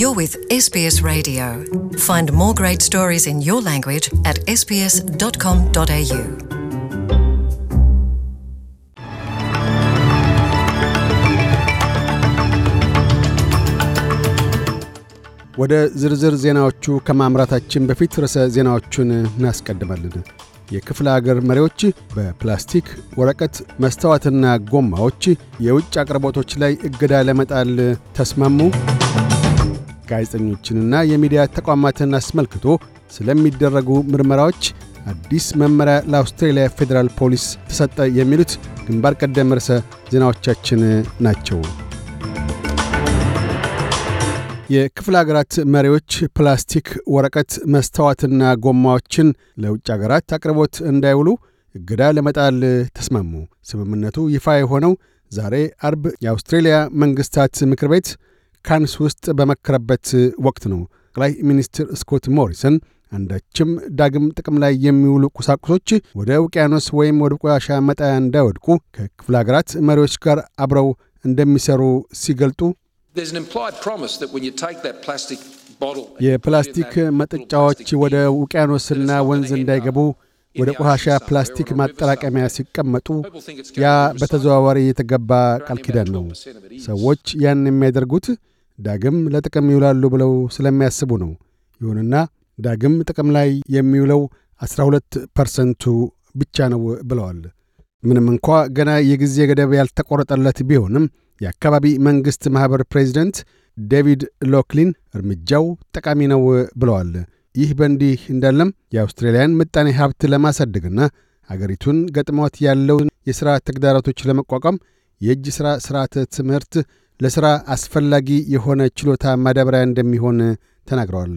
You're with SBS Radio. Find more great stories in your language at sbs.com.au. ወደ ዝርዝር ዜናዎቹ ከማምራታችን በፊት ርዕሰ ዜናዎቹን እናስቀድማለን። የክፍለ አገር መሪዎች በፕላስቲክ ወረቀት፣ መስታወትና ጎማዎች የውጭ አቅርቦቶች ላይ እገዳ ለመጣል ተስማሙ። ጋዜጠኞችንና የሚዲያ ተቋማትን አስመልክቶ ስለሚደረጉ ምርመራዎች አዲስ መመሪያ ለአውስትሬልያ ፌዴራል ፖሊስ ተሰጠ። የሚሉት ግንባር ቀደም ርዕሰ ዜናዎቻችን ናቸው። የክፍለ አገራት መሪዎች ፕላስቲክ፣ ወረቀት፣ መስታዋትና ጎማዎችን ለውጭ አገራት አቅርቦት እንዳይውሉ እገዳ ለመጣል ተስማሙ። ስምምነቱ ይፋ የሆነው ዛሬ አርብ የአውስትሬልያ መንግሥታት ምክር ቤት ካንስ ውስጥ በመከረበት ወቅት ነው። ጠቅላይ ሚኒስትር ስኮት ሞሪሰን አንዳችም ዳግም ጥቅም ላይ የሚውሉ ቁሳቁሶች ወደ ውቅያኖስ ወይም ወደ ቆሻሻ መጣያ እንዳይወድቁ ከክፍለ ሀገራት መሪዎች ጋር አብረው እንደሚሰሩ ሲገልጡ የፕላስቲክ መጠጫዎች ወደ ውቅያኖስና ወንዝ እንዳይገቡ ወደ ቆሻሻ ፕላስቲክ ማጠራቀሚያ ሲቀመጡ ያ በተዘዋዋሪ የተገባ ቃል ኪዳን ነው። ሰዎች ያን የሚያደርጉት ዳግም ለጥቅም ይውላሉ ብለው ስለሚያስቡ ነው። ይሁንና ዳግም ጥቅም ላይ የሚውለው 12 ፐርሰንቱ ብቻ ነው ብለዋል። ምንም እንኳ ገና የጊዜ ገደብ ያልተቆረጠለት ቢሆንም የአካባቢ መንግሥት ማኅበር ፕሬዚደንት ዴቪድ ሎክሊን እርምጃው ጠቃሚ ነው ብለዋል። ይህ በእንዲህ እንዳለም የአውስትራሊያን ምጣኔ ሀብት ለማሳደግና አገሪቱን ገጥሟት ያለውን የሥራ ተግዳሮቶች ለመቋቋም የእጅ ሥራ ሥርዓተ ትምህርት ለሥራ አስፈላጊ የሆነ ችሎታ ማዳበሪያ እንደሚሆን ተናግረዋል።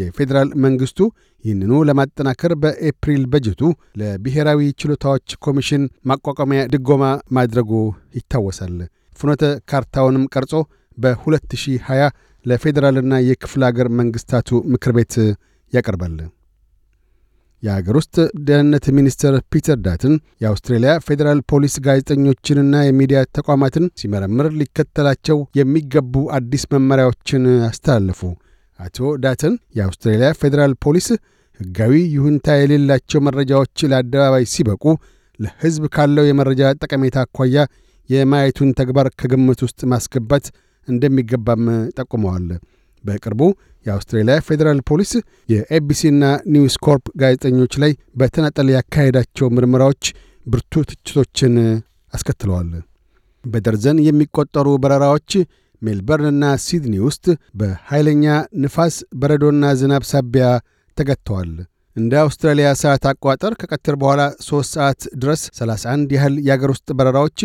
የፌዴራል መንግሥቱ ይህንኑ ለማጠናከር በኤፕሪል በጀቱ ለብሔራዊ ችሎታዎች ኮሚሽን ማቋቋሚያ ድጎማ ማድረጉ ይታወሳል። ፍኖተ ካርታውንም ቀርጾ በ2020 ለፌዴራልና የክፍለ አገር መንግሥታቱ ምክር ቤት ያቀርባል። የአገር ውስጥ ደህንነት ሚኒስትር ፒተር ዳትን የአውስትሬልያ ፌዴራል ፖሊስ ጋዜጠኞችንና የሚዲያ ተቋማትን ሲመረምር ሊከተላቸው የሚገቡ አዲስ መመሪያዎችን አስተላለፉ። አቶ ዳትን የአውስትሬልያ ፌዴራል ፖሊስ ሕጋዊ ይሁንታ የሌላቸው መረጃዎች ለአደባባይ ሲበቁ ለሕዝብ ካለው የመረጃ ጠቀሜታ አኳያ የማየቱን ተግባር ከግምት ውስጥ ማስገባት እንደሚገባም ጠቁመዋል። በቅርቡ የአውስትሬልያ ፌዴራል ፖሊስ የኤቢሲና ኒውስ ኮርፕ ጋዜጠኞች ላይ በተናጠል ያካሄዳቸው ምርመራዎች ብርቱ ትችቶችን አስከትለዋል። በደርዘን የሚቆጠሩ በረራዎች ሜልበርንና ሲድኒ ውስጥ በኃይለኛ ንፋስ በረዶና ዝናብ ሳቢያ ተገጥተዋል። እንደ አውስትራሊያ ሰዓት አቆጣጠር ከቀትር በኋላ 3 ሰዓት ድረስ 31 ያህል የአገር ውስጥ በረራዎች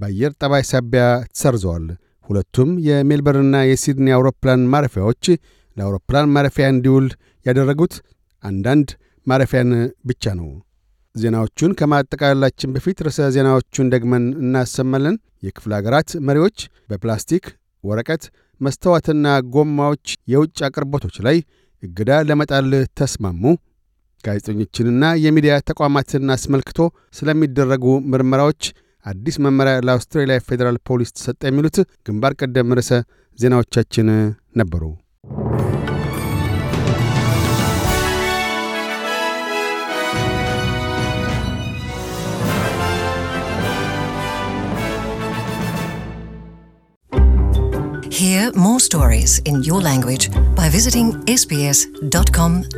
በአየር ጠባይ ሳቢያ ተሰርዘዋል። ሁለቱም የሜልበርንና የሲድኒ አውሮፕላን ማረፊያዎች ለአውሮፕላን ማረፊያ እንዲውል ያደረጉት አንዳንድ ማረፊያን ብቻ ነው። ዜናዎቹን ከማጠቃላላችን በፊት ርዕሰ ዜናዎቹን ደግመን እናሰማለን። የክፍለ አገራት መሪዎች በፕላስቲክ ወረቀት፣ መስተዋትና ጎማዎች የውጭ አቅርቦቶች ላይ እገዳ ለመጣል ተስማሙ። ጋዜጠኞችንና የሚዲያ ተቋማትን አስመልክቶ ስለሚደረጉ ምርመራዎች አዲስ መመሪያ ለአውስትራሊያ ፌዴራል ፖሊስ ተሰጠ የሚሉት ግንባር ቀደም ርዕሰ ዜናዎቻችን ነበሩ። Hear more stories in your language by visiting sbs.com.au.